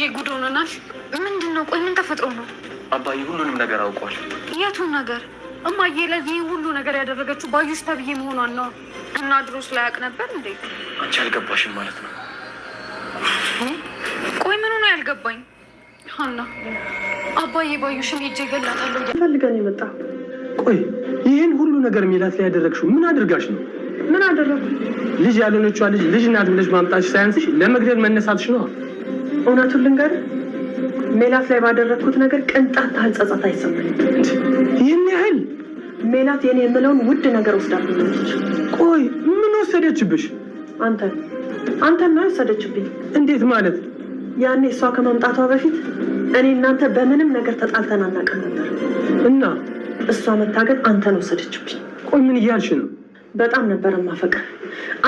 ይሄ ጉድ ሆነናል። ምንድን ነው? ቆይ ምን ተፈጥሮ ነው? አባዬ ሁሉንም ነገር አውቋል። የቱን ነገር? እማዬ ለዚህ ሁሉ ነገር ያደረገችው ባዩሽ ተብዬ መሆኗን ነው። እና ድሮስ ላያውቅ ነበር እንዴ? አንቺ አልገባሽም ማለት ነው። ቆይ ምኑ ነው ያልገባኝ? ሀና አባዬ ባዩሽን ሄጄ እገላታለሁ ፈልገን የመጣ ቆይ ይህን ሁሉ ነገር ሜላት ላይ ያደረግሽው ምን አድርጋሽ ነው? ምን አደረግ ልጅ ያልሆነችዋ ልጅ ልጅ ናት ብለሽ ማምጣትሽ ሳያንስሽ ለመግደል መነሳትሽ ነው። እውነቱን ልንገር ሜላት ላይ ባደረግኩት ነገር ቅንጣት ታህል ጸጸት አይሰማኝም። ይህን ያህል ሜላት የኔ የምለውን ውድ ነገር ወስዳብኛለች። ቆይ ምን ወሰደችብሽ? አንተ አንተ ምን ወሰደችብኝ። እንዴት ማለት? ያኔ እሷ ከመምጣቷ በፊት እኔ እናንተ በምንም ነገር ተጣልተን አናውቅም ነበር እና እሷ መታገል አንተን ወሰደችብኝ። ቆይ ምን እያልሽ ነው? በጣም ነበር የማፈቅር።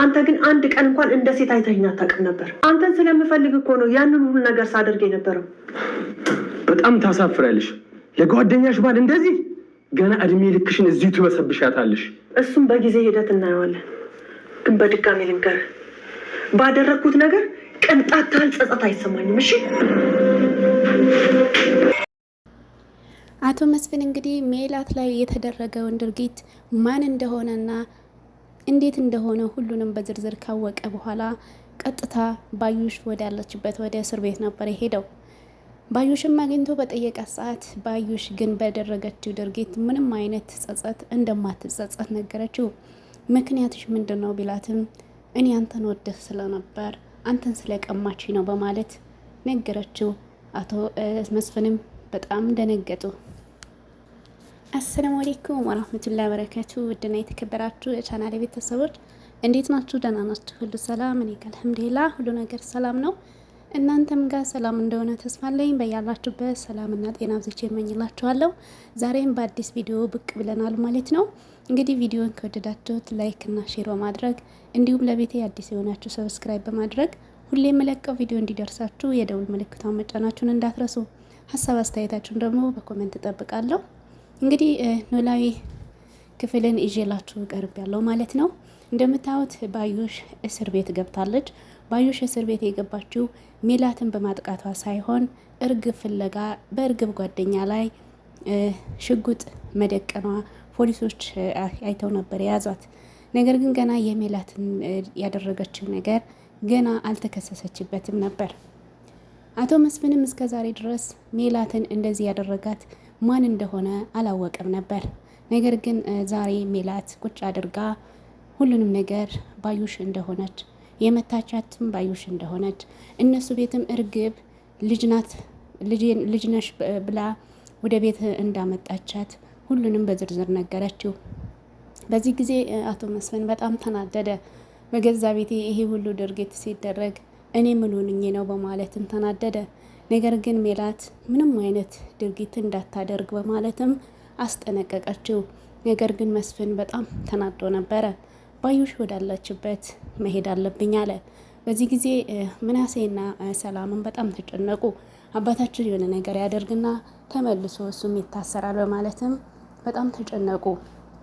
አንተ ግን አንድ ቀን እንኳን እንደ ሴት አይተኸኝ አታውቅም ነበር። አንተን ስለምፈልግ እኮ ነው ያንን ሁሉ ነገር ሳደርግ የነበረው። በጣም ታሳፍራለሽ። ለጓደኛሽ ባል እንደዚህ ገና እድሜ ልክሽን እዚሁ ትበሰብሻታለሽ። እሱም በጊዜ ሂደት እናየዋለን። ግን በድጋሚ ልንገር፣ ባደረግኩት ነገር ቅንጣት ታህል ጸጸት አይሰማኝም። እሺ አቶ መስፍን እንግዲህ ሜላት ላይ የተደረገውን ድርጊት ማን እንደሆነና እንዴት እንደሆነ ሁሉንም በዝርዝር ካወቀ በኋላ ቀጥታ ባዩሽ ወዳለችበት ወደ እስር ቤት ነበር የሄደው። ባዩሽም አግኝቶ በጠየቃት ሰዓት ባዩሽ ግን በደረገችው ድርጊት ምንም አይነት ጸጸት እንደማትጸጸት ነገረችው። ምክንያትሽ ምንድን ነው ቢላትም እኔ አንተን ወደህ ስለነበር አንተን ስለቀማች ነው በማለት ነገረችው። አቶ መስፍንም በጣም ደነገጡ። አሰላሙ አሌይኩም ወራህመቱላሂ ወበረካቱ። ውድና የተከበራችሁ የቻናል ቤተሰቦች እንዴት ናችሁ? ደህና ናችሁ? ሁሉ ሰላም? እኔ ጋር አልሐምዱሊላህ ሁሉ ነገር ሰላም ነው። እናንተም ጋር ሰላም እንደሆነ ተስፋ አለኝ። በያላችሁበት ሰላምና ጤና ብዝቼ እመኝላችኋለሁ። ዛሬም በአዲስ ቪዲዮ ብቅ ብለናል ማለት ነው። እንግዲህ ቪዲዮን ከወደዳችሁት ላይክ እና ሼር በማድረግ እንዲሁም ለቤቴ አዲስ የሆናችሁ ሰብስክራይብ በማድረግ ሁሌ የምለቀው ቪዲዮ እንዲደርሳችሁ የደውል ምልክቷን መጫናችሁን እንዳትረሱ። ሀሳብ አስተያየታችሁን ደግሞ በኮመንት እጠብቃለሁ። እንግዲህ ኖላዊ ክፍልን ይዤላችሁ ቀርብ ያለው ማለት ነው። እንደምታዩት ባዩሽ እስር ቤት ገብታለች። ባዩሽ እስር ቤት የገባችው ሜላትን በማጥቃቷ ሳይሆን እርግብ ፍለጋ በእርግብ ጓደኛ ላይ ሽጉጥ መደቀኗ ፖሊሶች አይተው ነበር የያዟት። ነገር ግን ገና የሜላትን ያደረገችው ነገር ገና አልተከሰሰችበትም ነበር። አቶ መስፍንም እስከ ዛሬ ድረስ ሜላትን እንደዚህ ያደረጋት ማን እንደሆነ አላወቅም ነበር። ነገር ግን ዛሬ ሜላት ቁጭ አድርጋ ሁሉንም ነገር ባዩሽ እንደሆነች የመታቻትም ባዩሽ እንደሆነች እነሱ ቤትም እርግብ ልጅናት ልጅነሽ ብላ ወደ ቤት እንዳመጣቻት ሁሉንም በዝርዝር ነገረችው። በዚህ ጊዜ አቶ መስፍን በጣም ተናደደ። በገዛ ቤቴ ይሄ ሁሉ ድርጊት ሲደረግ እኔ ምን ሆኜ ነው በማለትም ተናደደ። ነገር ግን ሜላት ምንም አይነት ድርጊት እንዳታደርግ በማለትም አስጠነቀቀችው። ነገር ግን መስፍን በጣም ተናዶ ነበረ። ባዩሽ ወዳለችበት መሄድ አለብኝ አለ። በዚህ ጊዜ ምናሴና ሰላምን በጣም ተጨነቁ። አባታችን የሆነ ነገር ያደርግና ተመልሶ እሱም ይታሰራል በማለትም በጣም ተጨነቁ።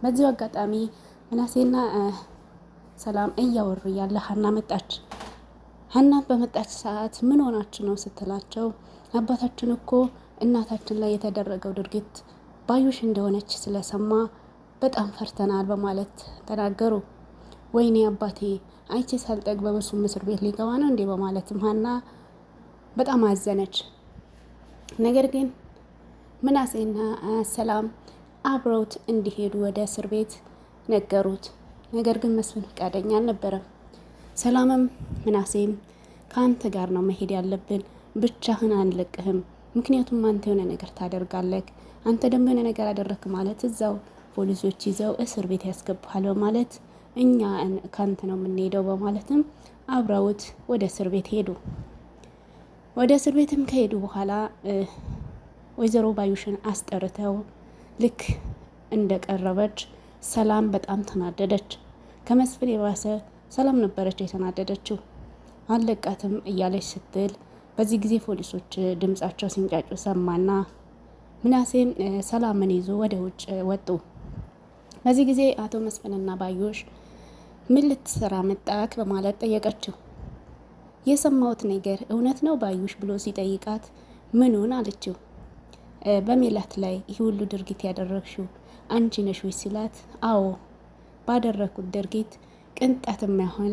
በዚሁ አጋጣሚ ምናሴና ሰላም እያወሩ እያለ ሀና መጣች። ሀናት በመጣች ሰዓት ምን ሆናችሁ ነው ስትላቸው አባታችን እኮ እናታችን ላይ የተደረገው ድርጊት ባዩሽ እንደሆነች ስለሰማ በጣም ፈርተናል በማለት ተናገሩ። ወይኔ አባቴ አይቼ ሳልጠግ በብሱም እስር ቤት ሊገባ ነው እንዴ? በማለትም ሀና በጣም አዘነች። ነገር ግን ምናሴና ሰላም አብረውት እንዲሄዱ ወደ እስር ቤት ነገሩት። ነገር ግን መስፍን ፈቃደኛ አልነበረም። ሰላምም ምናሴም ከአንተ ጋር ነው መሄድ ያለብን፣ ብቻህን አንለቅህም። ምክንያቱም አንተ የሆነ ነገር ታደርጋለህ። አንተ ደግሞ የሆነ ነገር አደረክ ማለት እዛው ፖሊሶች ይዘው እስር ቤት ያስገባሃል በማለት እኛ ከአንተ ነው የምንሄደው በማለትም አብረውት ወደ እስር ቤት ሄዱ። ወደ እስር ቤትም ከሄዱ በኋላ ወይዘሮ ባዩሽን አስጠርተው ልክ እንደቀረበች ሰላም በጣም ተናደደች። ከመስፍን የባሰ ሰላም ነበረች የተናደደችው። አለቃትም እያለች ስትል በዚህ ጊዜ ፖሊሶች ድምጻቸው ሲንጫጩ ሰማና ምናሴም ሰላምን ይዞ ወደ ውጭ ወጡ። በዚህ ጊዜ አቶ መስፍንና ባዮሽ ምን ልትሰራ መጣክ በማለት ጠየቀችው። የሰማሁት ነገር እውነት ነው ባዩሽ ብሎ ሲጠይቃት ምኑን አለችው። በሜላት ላይ ይህ ሁሉ ድርጊት ያደረግሽው አንቺ ነሽ ሲላት፣ አዎ ባደረግኩት ድርጊት ቅንጣት የማይሆን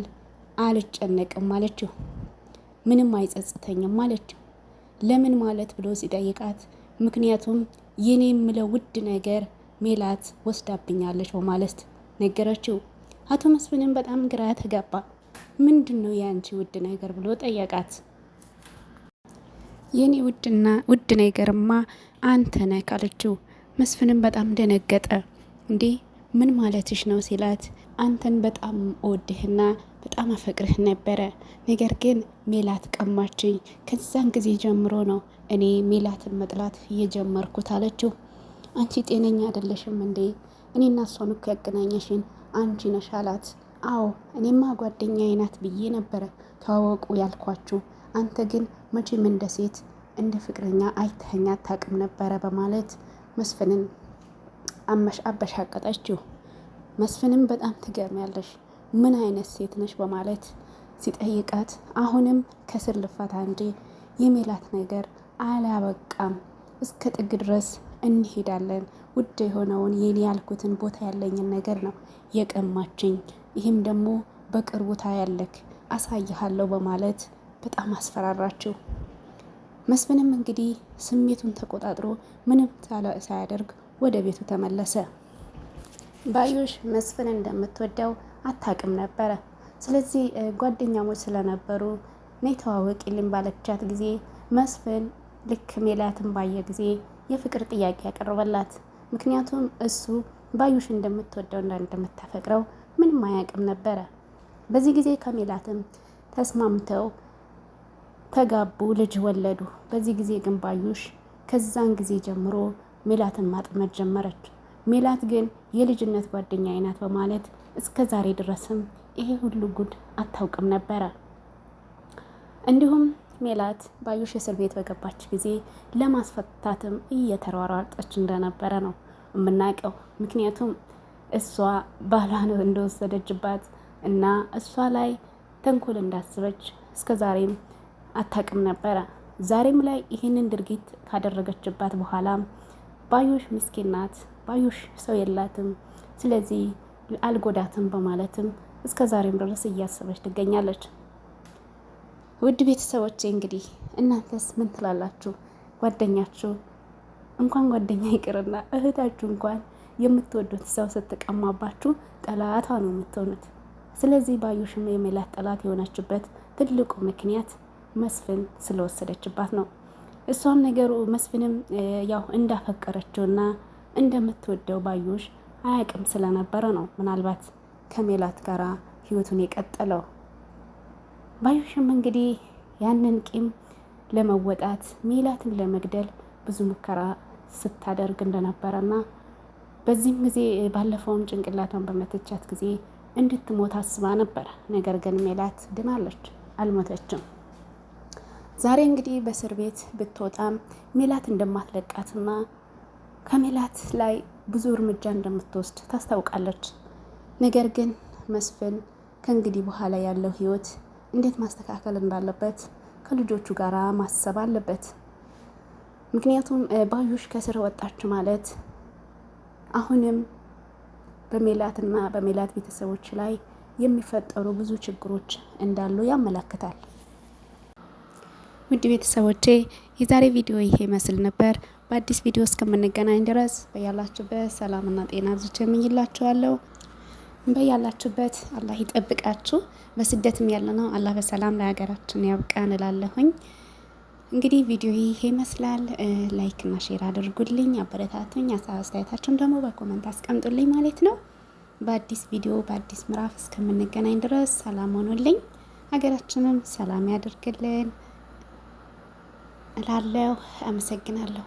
አልጨነቅም አለችው። ምንም አይጸጽተኝም አለችው። ለምን ማለት ብሎ ሲጠይቃት ምክንያቱም የኔ የምለው ውድ ነገር ሜላት ወስዳብኛለች በማለት ነገረችው። አቶ መስፍንም በጣም ግራ ተጋባ። ምንድን ነው የአንቺ ውድ ነገር ብሎ ጠየቃት። የኔ ውድና ውድ ነገርማ አንተ ነህ ካለችው መስፍንም በጣም ደነገጠ። እንዴ ምን ማለትሽ ነው ሲላት አንተን በጣም እወድህና በጣም አፈቅርህ ነበረ። ነገር ግን ሜላት ቀማችኝ። ከዛን ጊዜ ጀምሮ ነው እኔ ሜላትን መጥላት እየጀመርኩት አለችው። አንቺ ጤነኛ አይደለሽም እንዴ? እኔና እሷን እኮ ያገናኘሽን አንቺ ነሽ አላት። አዎ እኔማ ጓደኛዬ ናት ብዬ ነበረ ተዋወቁ ያልኳችሁ። አንተ ግን መቼም እንደ ሴት እንደ ፍቅረኛ አይተኸኛ አታውቅም ነበረ በማለት መስፍንን አበሻቀጠችው። መስፍንም በጣም ትገርሚያለሽ፣ ምን አይነት ሴት ነሽ በማለት ሲጠይቃት አሁንም ከስር ልፋታ እንጂ የሜላት ነገር አላበቃም፣ እስከ ጥግ ድረስ እንሄዳለን። ውድ የሆነውን የኔ ያልኩትን ቦታ ያለኝን ነገር ነው የቀማችኝ። ይህም ደግሞ በቅርቡ ታያለክ፣ አሳይሃለሁ በማለት በጣም አስፈራራችው። መስፍንም እንግዲህ ስሜቱን ተቆጣጥሮ ምንም ሳያደርግ ወደ ቤቱ ተመለሰ። ባዩሽ መስፍን እንደምትወደው አታውቅም ነበረ። ስለዚህ ጓደኛሞች ስለነበሩ ነይ ተዋወቂልን ባለቻት ጊዜ መስፍን ልክ ሜላትን ባየ ጊዜ የፍቅር ጥያቄ ያቀርበላት። ምክንያቱም እሱ ባዩሽ እና እንደምታፈቅረው ምንም አያውቅም ነበረ። በዚህ ጊዜ ከሜላትም ተስማምተው ተጋቡ፣ ልጅ ወለዱ። በዚህ ጊዜ ግን ባዩሽ ከዛን ጊዜ ጀምሮ ሜላትን ማጥመድ ጀመረች። ሜላት ግን የልጅነት ጓደኛ አይናት በማለት እስከ ዛሬ ድረስም ይሄ ሁሉ ጉድ አታውቅም ነበረ። እንዲሁም ሜላት ባዩሽ እስር ቤት በገባች ጊዜ ለማስፈታትም እየተሯሯጠች እንደነበረ ነው የምናውቀው። ምክንያቱም እሷ ባሏን እንደወሰደችባት እና እሷ ላይ ተንኮል እንዳስበች እስከ ዛሬም አታውቅም ነበረ። ዛሬም ላይ ይህንን ድርጊት ካደረገችባት በኋላ ባዩሽ ምስኪን ናት። ባዩሽ ሰው የላትም፣ ስለዚህ አልጎዳትም በማለትም እስከ ዛሬም ድረስ እያሰበች ትገኛለች። ውድ ቤተሰቦቼ እንግዲህ እናንተስ ምን ትላላችሁ? ጓደኛችሁ እንኳን ጓደኛ ይቅርና እህታችሁ እንኳን የምትወዱት ሰው ስትቀማባችሁ ጠላቷ ነው የምትሆኑት። ስለዚህ ባዩሽም የሜላት ጠላት የሆነችበት ትልቁ ምክንያት መስፍን ስለወሰደችባት ነው። እሷም ነገሩ መስፍንም ያው እንዳፈቀረችውና እንደምትወደው ባዩሽ አያቅም ስለነበረ ነው ምናልባት ከሜላት ጋር ህይወቱን የቀጠለው። ባዩሽም እንግዲህ ያንን ቂም ለመወጣት ሜላትን ለመግደል ብዙ ሙከራ ስታደርግ እንደነበረና በዚህም ጊዜ ባለፈውም ጭንቅላቷን በመተቻት ጊዜ እንድትሞት አስባ ነበር። ነገር ግን ሜላት ድናለች፣ አልሞተችም። ዛሬ እንግዲህ በእስር ቤት ብትወጣም ሜላት እንደማትለቃትና ከሜላት ላይ ብዙ እርምጃ እንደምትወስድ ታስታውቃለች። ነገር ግን መስፍን ከእንግዲህ በኋላ ያለው ህይወት እንዴት ማስተካከል እንዳለበት ከልጆቹ ጋር ማሰብ አለበት። ምክንያቱም ባዩሽ ከስር ወጣች ማለት አሁንም በሜላትና በሜላት ቤተሰቦች ላይ የሚፈጠሩ ብዙ ችግሮች እንዳሉ ያመለክታል። ውድ ቤተሰቦቼ የዛሬ ቪዲዮ ይሄ ይመስል ነበር። በአዲስ ቪዲዮ እስከምንገናኝ ድረስ በያላችሁበት ሰላምና ጤና ብዙች የምኝላችኋለሁ። በያላችሁበት አላህ ይጠብቃችሁ። በስደትም ነው አላህ በሰላም ለሀገራችን ያብቃን እላለሁኝ። እንግዲህ ቪዲዮ ይሄ ይመስላል። ላይክ እና ሼር አድርጉልኝ፣ አበረታቱኝ። ሀሳብ አስተያየታችሁን ደግሞ በኮመንት አስቀምጡልኝ ማለት ነው። በአዲስ ቪዲዮ በአዲስ ምዕራፍ እስከምንገናኝ ድረስ ሰላም ሆኑልኝ። ሀገራችንም ሰላም ያደርግልን እላለሁ። አመሰግናለሁ።